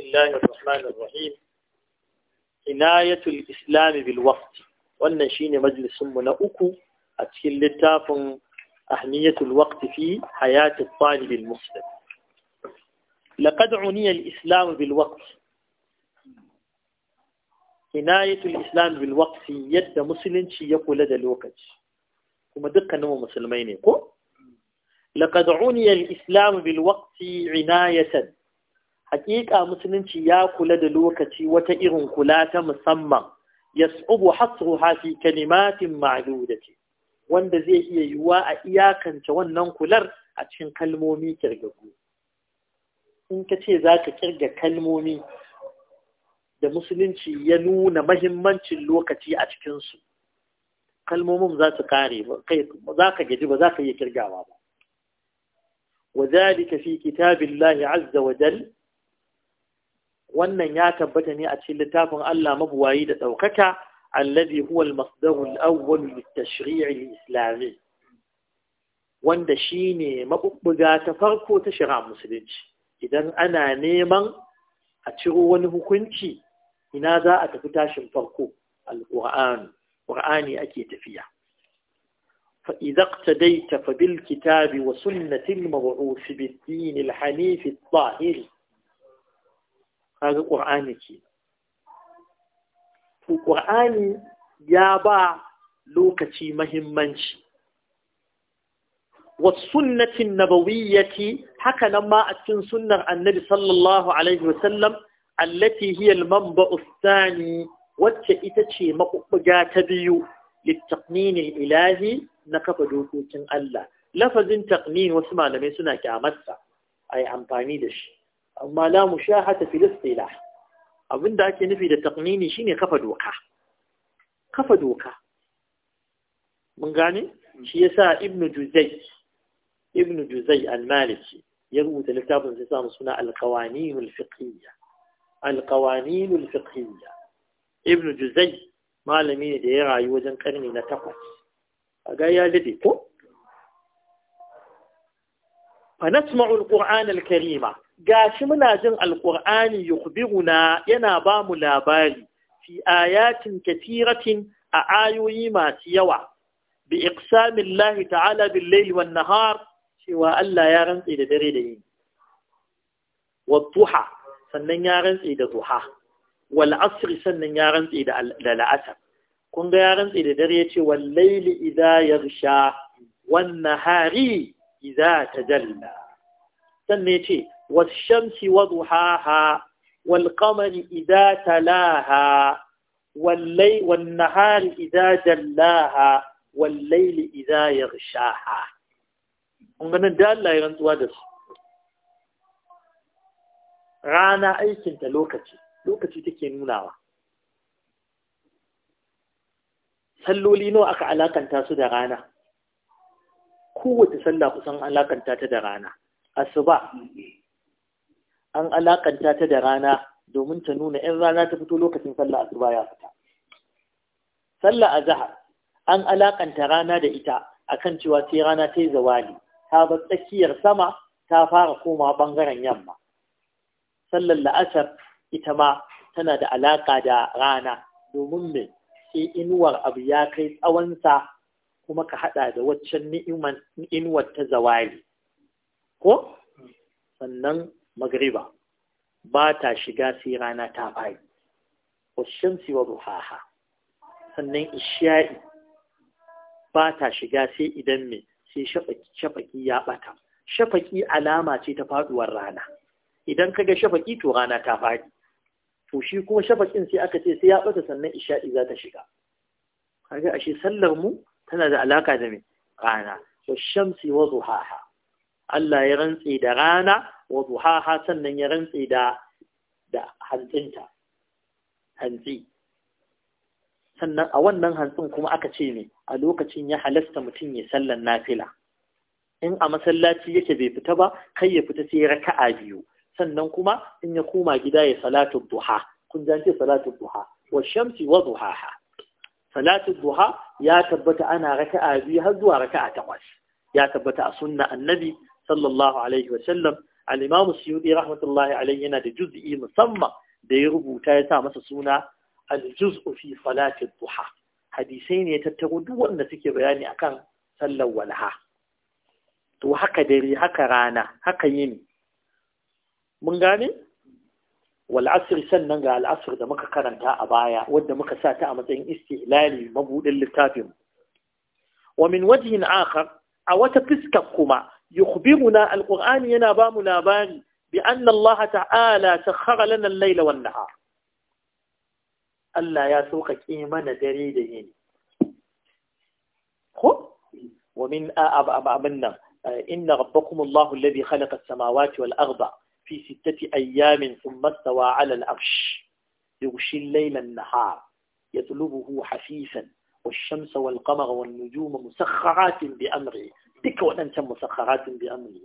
بسم الله الرحمن الرحيم عناية الإسلام بالوقت wannan shine majalisinmu na uku a cikin littafin ahmiyatul waqti fi hayati talib almuslim laqad uniya alislam bil waqt hinayatul islam bil waqt yadda musulunci ya kula da lokaci kuma dukkaninmu musulmai ne ko laqad uniya alislam bil haƙiƙa musulunci ya kula da lokaci wata irin kula ta musamman yas'ubu hasruha fi kalimatin ce wanda zai iya yiwuwa a iyakance wannan kular a cikin kalmomi kirgagu in ka ce za ka kirga kalmomi da musulunci ya nuna mahimmancin lokaci a cikinsu kalmomin za su kare za ka gaji ba za ka iya kirgawa ba وذلك kitabin كتاب الله عز وجل wannan ya tabbata ne a cikin littafin Allah mabuwayi da ɗaukaka allazi huwa al-masdaru awwal lit-tashri' islami wanda shine mabubbuga ta farko ta shari'a musulunci idan ana neman a ciro wani hukunci ina za a tafi tashin farko al-qur'an qur'ani ake tafiya fa idza iqtadayta fa bil kitabi wa sunnati al-mab'uth bid-din al-hanif tahir kaga ƙur'ani ƙur'ani ya ba lokaci mahimmanci wa sunnatin nabawiyyati haka nan ma a cikin sunnar annabi sallallahu alaihi wa sallam ustani wacce ita ce makubuga ta biyu littaqnin ilahi na kafa dokokin Allah lafazin taqnin wasu malamai suna kyamarsa ai amfani da shi ما لا مشاهدة في الاصطلاح أبن دعك نفي لتقنيني شيني قفد وقع قفد وقع من قاني شيساء ابن جزي ابن جزي المالكي يروي تلكتاب الانتسام صناع القوانين الفقهية القوانين الفقهية ابن جزي ما لم يدير عيوزا قرني نتقص أقايا يا فنسمع فنسمع القرآن الكريم gashi muna jin alqur'ani yukhbiruna yana ba mu labari fi ayatin katiratin a ayoyi masu yawa bi iqsamin ta'ala bil layli wan nahar cewa Allah ya rantse da dare da yini wa duha sannan ya rantse da duha wal asri sannan ya rantse da la'asar kun ga ya rantse da dare yace wal layli idza yaghsha wan nahari idza tajalla sannan yace والشمس وضحاها والقمر إذا تلاها والليل والنهار إذا جلاها والليل إذا يغشاها wannan da Allah ya rantsuwa da su rana aikinta lokaci lokaci take nunawa salloli nawa aka alakanta su da rana kowace sallah kusan alakanta ta da rana asuba an alakanta ta da rana domin ta nuna 'yan rana ta fito lokacin sallah asuba ya fita sallah azhar an alaƙanta rana da ita a kan cewa sai rana ta yi zawali ta ba tsakiyar sama ta fara koma ɓangaren yamma sallar la'asar ita ma tana da alaƙa da rana domin me sai inuwar abu ya kai tsawonsa kuma ka haɗa da waccan ni'imar ta zawali ko sannan magriba ba ta shiga sai rana ta fai shamsi wa duhaha sannan isha'i ba ta shiga sai idan me sai shafaki ya bata shafaki alama ce ta faduwar rana idan kaga shafaki to rana ta fadi to shi kuma shafakin sai aka ce sai ya bata sannan isha'i za ta shiga kaga ashe sallar mu tana da alaka da mai rana wa shamsi wa zuhaha Allah ya rantse da rana wa duhaha sannan ya rantse da da hantsinta hantsi sannan a wannan hantsin kuma aka ce ne a lokacin ya halasta mutum ya sallan nafila in a masallaci yake bai fita ba kai ya fita sai raka'a biyu sannan kuma in ya koma gida ya salatu duha kun ji salatu duha wa shamsi wa duhaha salatu duha ya tabbata ana raka'a biyu har zuwa raka'a takwas ya tabbata a sunna annabi sallallahu alaihi wa sallam al-imam suyudi rahmatullahi alayhi yana da juz'i musamman da ya rubuta ya sa masa suna al-juz'u fi duha hadisai ne ya tattaro duk waɗanda suke bayani akan sallar walha to haka dare haka rana haka yini mun gane wal sannan ga al da muka karanta a baya wadda muka sata ta a matsayin istihlali mabudin littafin wa min wajhin akhar a wata fiskar kuma يخبرنا القرآن ينابا منابان بأن الله تعالى سخر لنا الليل والنهار ألا يا سوق إيمان دريدين خب ومن أب أب إن ربكم الله الذي خلق السماوات والأرض في ستة أيام ثم استوى على العرش يغشي الليل النهار يطلبه حفيفا والشمس والقمر والنجوم مسخرات بأمره duka waɗancan musakharatin bi amri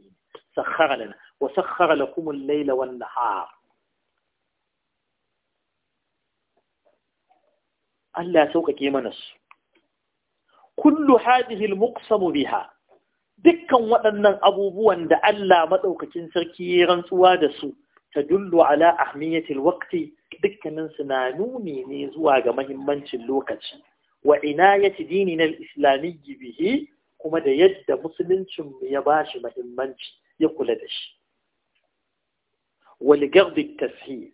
sakhara lana wa sakhara lakum al-layla wan nahar Allah ya sauƙaƙe mana su kullu hadhihi al-muqsamu biha dukkan waɗannan abubuwan da Allah madaukakin sarki ya rantsuwa da su tadullu ala ahmiyati al-waqti dukkanin su na nuni ne zuwa ga muhimmancin lokaci wa inayati dinina al-islamiyyi bihi kuma da yadda musuluncin ya ba shi mahimmanci ya kula da shi walgardik tashir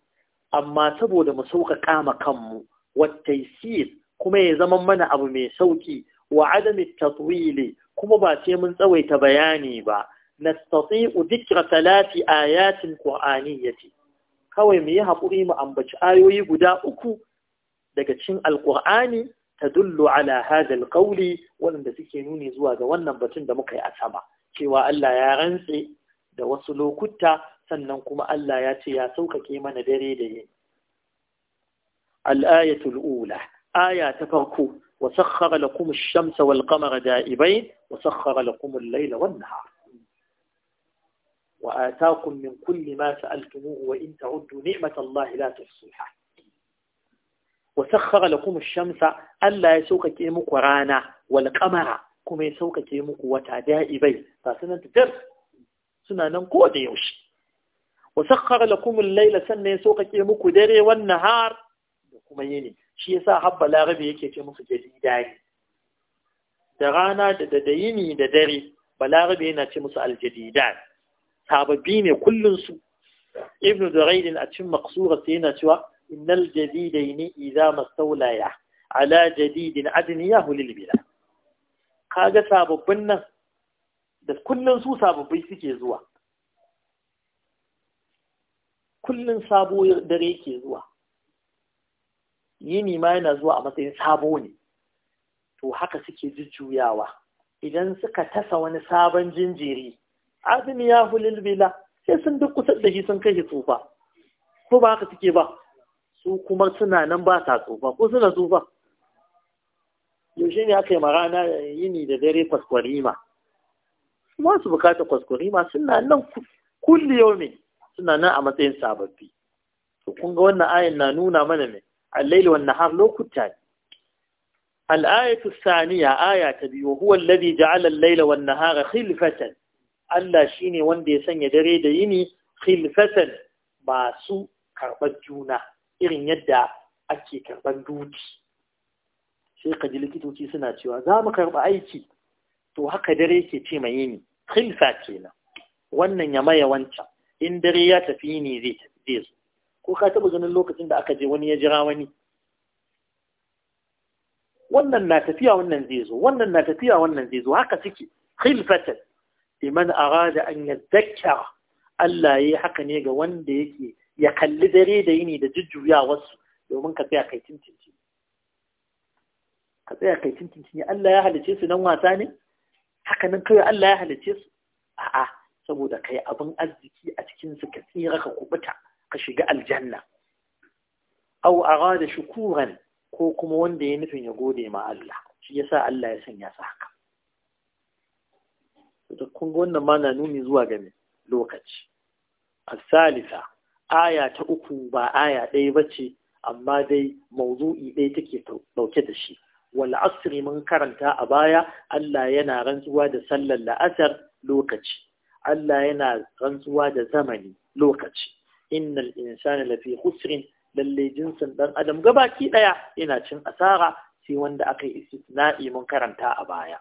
amma saboda mu sauƙaƙa ma kanmu wattaisir kuma ya zama mana abu mai sauƙi wa adami tatwili kuma ba sai mun tsawaita bayani ba nastati'u dhikra talati ayatin ce. kawai mu yi haƙuri mu ambaci ayoyi guda uku daga cikin alƙur'ani tadullu ala hada alqawli wanda suke nuni zuwa ga wannan batun da muka yi a sama cewa Allah ya rantse da wasu lokuta sannan kuma Allah ya ce ya saukake mana dare da yini al-ayatu al-ula aya ta farko wa sakhkhara lakum ash-shamsa wal qamara da'ibain wa sakhkhara lakum al-layla wan nahar wa ataakum min kulli ma sa'altumuhu wa in ta'uddu ni'mata Allahi la tuhsuha wa sakhara lakum ash-shamsa Allah ya saukake muku rana wal qamara kuma ya saukake muku wata da'ibai ba sanan tar suna nan ko da yaushe wa sakhara lakum al-layla sannan ya saukake muku dare wan nahar kuma yini shi yasa habba larabi yake ce musu jadida ne da rana da da yini da dare balarabe yana ce musu aljadidan sababbi ne kullun su ibnu duraidin a cikin maqsura sai yana cewa innal jadidaini idza mastawlaya ala jadidin adniyahu lil bila kaga sababbin nan da kullun su sababbai suke zuwa kullun sabo dare yake zuwa yini yana zuwa a matsayin sabo ne to haka suke jujjuyawa idan suka tasa wani sabon jinjiri azumi ya hulil sai sun duk kusa da shi sun kai tsufa ko ba haka suke ba su kuma suna nan ba sa tsufa ko suna tsufa yaushe ne aka yi marana yini da dare kwaskwarima ma su bukata kwaskwarima suna nan kulli yau ne suna nan a matsayin sababbi to kun ga wannan ayin na nuna mana ne al-lail wan lokuta ne al-ayatu aya ta biyu huwa alladhi ja'ala al-laila wan nahara khilfatan Allah shine wanda ya sanya dare da yini khilfatan ba su karɓar juna irin yadda ake karɓar duti sai ka ji likitoci suna cewa za mu karɓi aiki to haka dare ke ce mai yini khilfa kenan wannan ya maye wancan in dare ya tafi ne zai tafi zo ko ka taɓa ganin lokacin da aka je wani ya jira wani wannan na tafiya wannan zai zo wannan na tafiya wannan zai zo haka suke khilfatan liman arada an yadhakkara Allah yayi haka ne ga wanda yake ya kalli dare da yini da jujjuya wasu domin ka tsaya kai tintinci ka tsaya kai tintinci ne Allah ya halice su nan wasa ne haka nan kawai Allah ya halice su a'a saboda kai abin arziki a cikin su ka tsira ka kubuta ka shiga aljanna Au aw da shukuran ko kuma wanda ya nufin ya gode ma Allah shi yasa Allah ya sanya su haka to kun ga wannan ma na nuni zuwa ga lokaci Salisa. aya ta uku ba aya ɗaya ba ce amma dai mauzu'i ɗaya take ɗauke da shi wal asri mun karanta a baya Allah yana rantsuwa da sallar la'asar lokaci Allah yana rantsuwa da zamani lokaci innal insana lafi khusrin lalle jinsin dan adam gabaki daya yana cin asara sai wanda aka yi istisna'i mun karanta a baya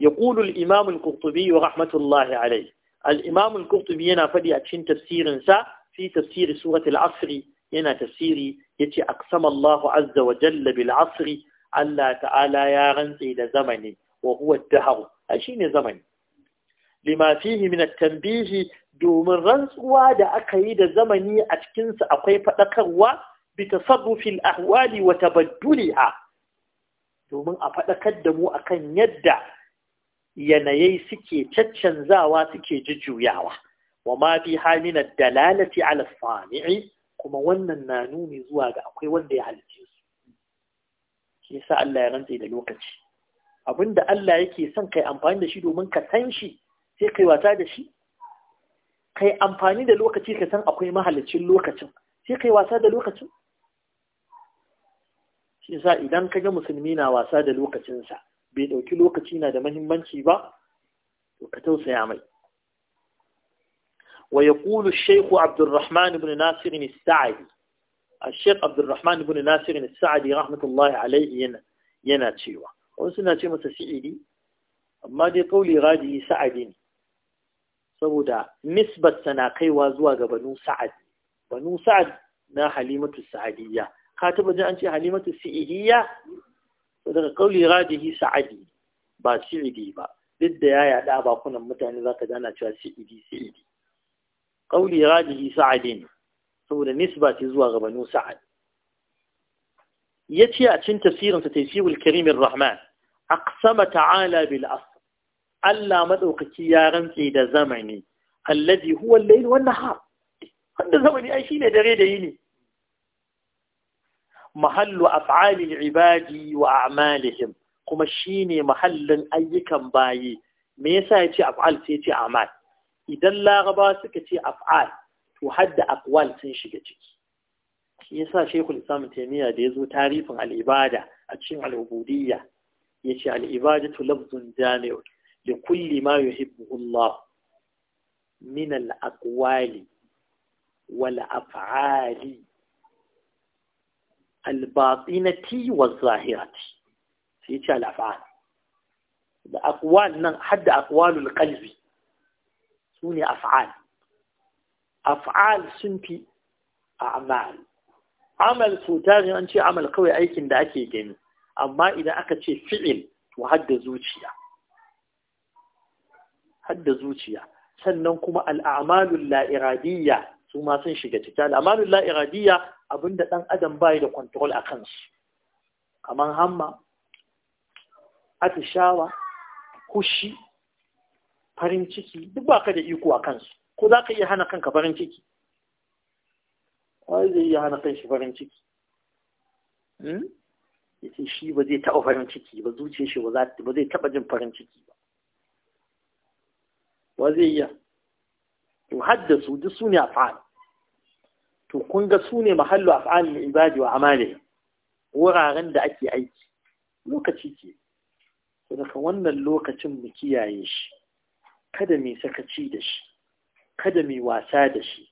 yaqulu imamul kurtubi wa qurtubi rahmatullahi alayhi al-imam al yana fadi a cikin tafsirin sa fi tafsiri surat al-asri yana tafsiri yace aqsama Allahu azza wa jalla bil asri Allah ta'ala ya rantse da zamani wa huwa ad-dahr a shine zamani lima fihi min domin rantsuwa da aka yi da zamani a cikin sa akwai fadakarwa bi tasarrufi wali ahwali wa tabadduliha domin a fadakar da mu kan yadda yanayi suke caccanzawa suke jujjuyawa wa ma fi hamina dalalati ala sami'i kuma wannan na nuni zuwa ga akwai wanda ya halice su shi sa Allah ya rantsa da lokaci abinda Allah yake son kai amfani da shi domin ka san shi sai kai wata da shi kai amfani da lokaci ka san akwai mahalicin lokacin sai kai wasa da lokacin shi sa idan ka ga musulmi na wasa da lokacinsa bai ɗauki lokaci na da mahimmanci ba to ka tausaya mai ويقول الشيخ عبد الرحمن بن ناصر السعدي الشيخ عبد الرحمن بن ناصر السعدي رحمة الله عليه ينا ينا تشيوا وسنا amma dai kauli rajihi sa'adi ne saboda nisbat na kaiwa zuwa ga banu sa'ad banu sa'ad na halimatu sa'adiyya ka taba ji an ce halimatu sa'idiyya daga kauli rajihi sa'adi ba sa'idi ba duk da ya yada bakunan mutane zaka gana cewa sa'idi sa'idi ƙauli rajihi sa'adin saboda nisba ce zuwa ga banu sa'ad ya ce a cin tafsirinsa tafsirul karimin rahman aqsama ta'ala bil asr Allah madaukaki ya rantse da zamani allazi huwa al-layl nahar wanda zamani ai shine dare da yini mahallu af'ali ibadi wa a'malihim kuma shine mahallin ayyukan bayi me yasa yace af'al sai yace a'mal idan laraba suka ce af'al to hadda aqwal sun shiga ciki shi yasa shekul islam taimiyya da ya zo tarifin al'ibada a cikin al'ubudiyya ya ce al'ibadatu lafzun jami'u da kulli ma yuhibbu Allah min al'aqwali wal af'ali al-batinati wa zahirati sai ce al'af'al da aqwal nan hadda aqwalul qalbi su ne af'al af'al sun fi a'mal amal so an ce amal kawai aikin da ake gani amma idan aka ce fi'il to hadda zuciya hadda zuciya sannan kuma al'amalul la'iradiyya su ma sun shiga ciki al'amalul la'iradiyya abinda dan adam bai da control a kansu kamar hamma atishawa kushi farin ciki duk ba ka da iko a kansu ko za ka iya hana kanka farin ciki wai zai iya hana kan shi farin ciki hmm? ya ce shi ba zai taɓa farin ciki ba zuciya shi ba zai taɓa jin farin ciki ba wa zai iya to haddasu duk su ne a fa'al to kun ga su ne mahallu fa'al min ibadi wa amale wuraren da ake aiki lokaci ke Daga wannan lokacin mu kiyaye shi kada mai sakaci da shi kada mai wasa da shi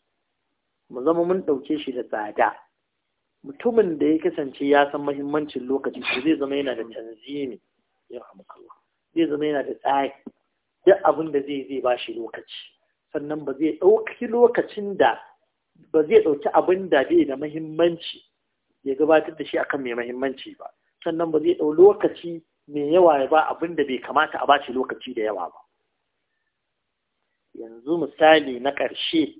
mu zama mun ɗauke shi da tsada mutumin da ya kasance ya san mahimmancin lokaci to zai zama yana da tanzimi ya hamukallah zai zama yana da tsari duk abin da zai zai ba shi lokaci sannan ba zai ɗauki lokacin da ba zai ɗauki abin da bai da mahimmanci ya gabatar da shi akan mai mahimmanci ba sannan ba zai ɗau lokaci mai yawa ya ba abin da bai kamata a ba shi lokaci da yawa ba yanzu misali na ƙarshe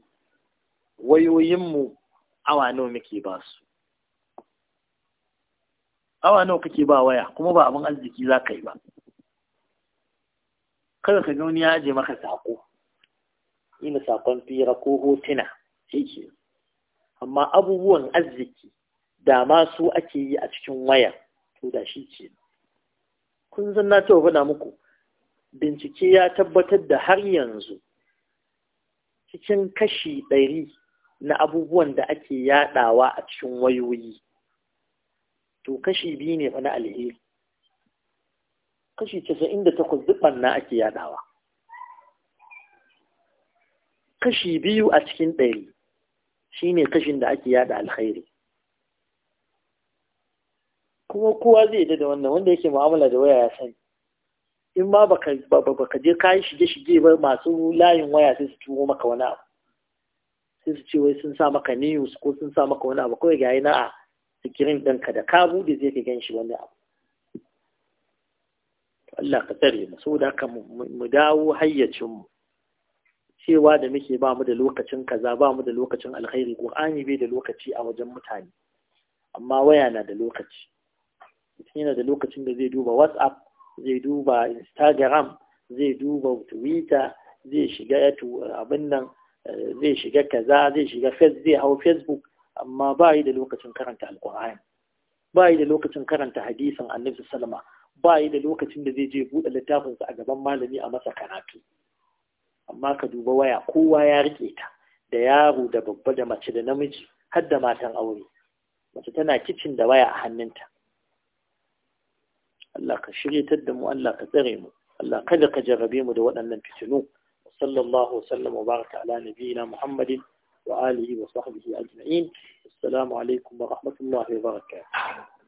wayoyinmu awa nawa muke ba su awa nawa kake ba waya kuma ba abin arziki za ka yi ba kada ka wani ya aje maka sako ina sakon fira ko hotuna shi amma abubuwan arziki da masu ake yi a cikin waya to da shi ce. kun san na ce faɗa muku bincike ya tabbatar da har yanzu cikin kashi ɗari na abubuwan da ake yaɗawa a cikin wayoyi to kashi biyu ne na alheri kashi casa'in da takwas duk na ake yaɗawa kashi biyu a cikin ɗari shine kashin da ake yaɗa alkhairi kuma kowa zai da wannan wanda yake mu'amala da waya ya sani in ma baka baka je kayan shige shige ba masu layin waya sai su tuwo maka wani abu sai su ce wai sun sa maka news ko sun sa maka wani abu kawai ga na'a, a sikirin ɗanka da ka da zai ka ganshi wani abu Allah ka tsare mu saboda haka mu dawo hayyacin mu cewa da muke ba mu da lokacin kaza ba mu da lokacin alkhairi qur'ani bai da lokaci a wajen mutane amma waya na da lokaci mutum yana da lokacin da zai duba whatsapp zai duba instagram zai duba twitter zai shiga abin nan eh, zai shiga kaza zai shiga zai hau facebook amma ba yi da lokacin karanta alkur'ani ba yi da lokacin karanta hadisin annabi salama ba yi da lokacin da zai je buɗe littafinsa a gaban malami a masa karatu amma ka duba waya kowa ya rike ta da yaro da babba da mace da namiji har da matan aure mace tana kicin da waya a hannunta Allah ka shiryatar da mu Allah ka tsare mu Allah kada ka jarrabe mu da waɗannan fitinu sallallahu wasallam wa baraka ala nabiyina muhammadin wa alihi wa sahbihi ajma'in assalamu alaikum wa rahmatullahi wa barakatuh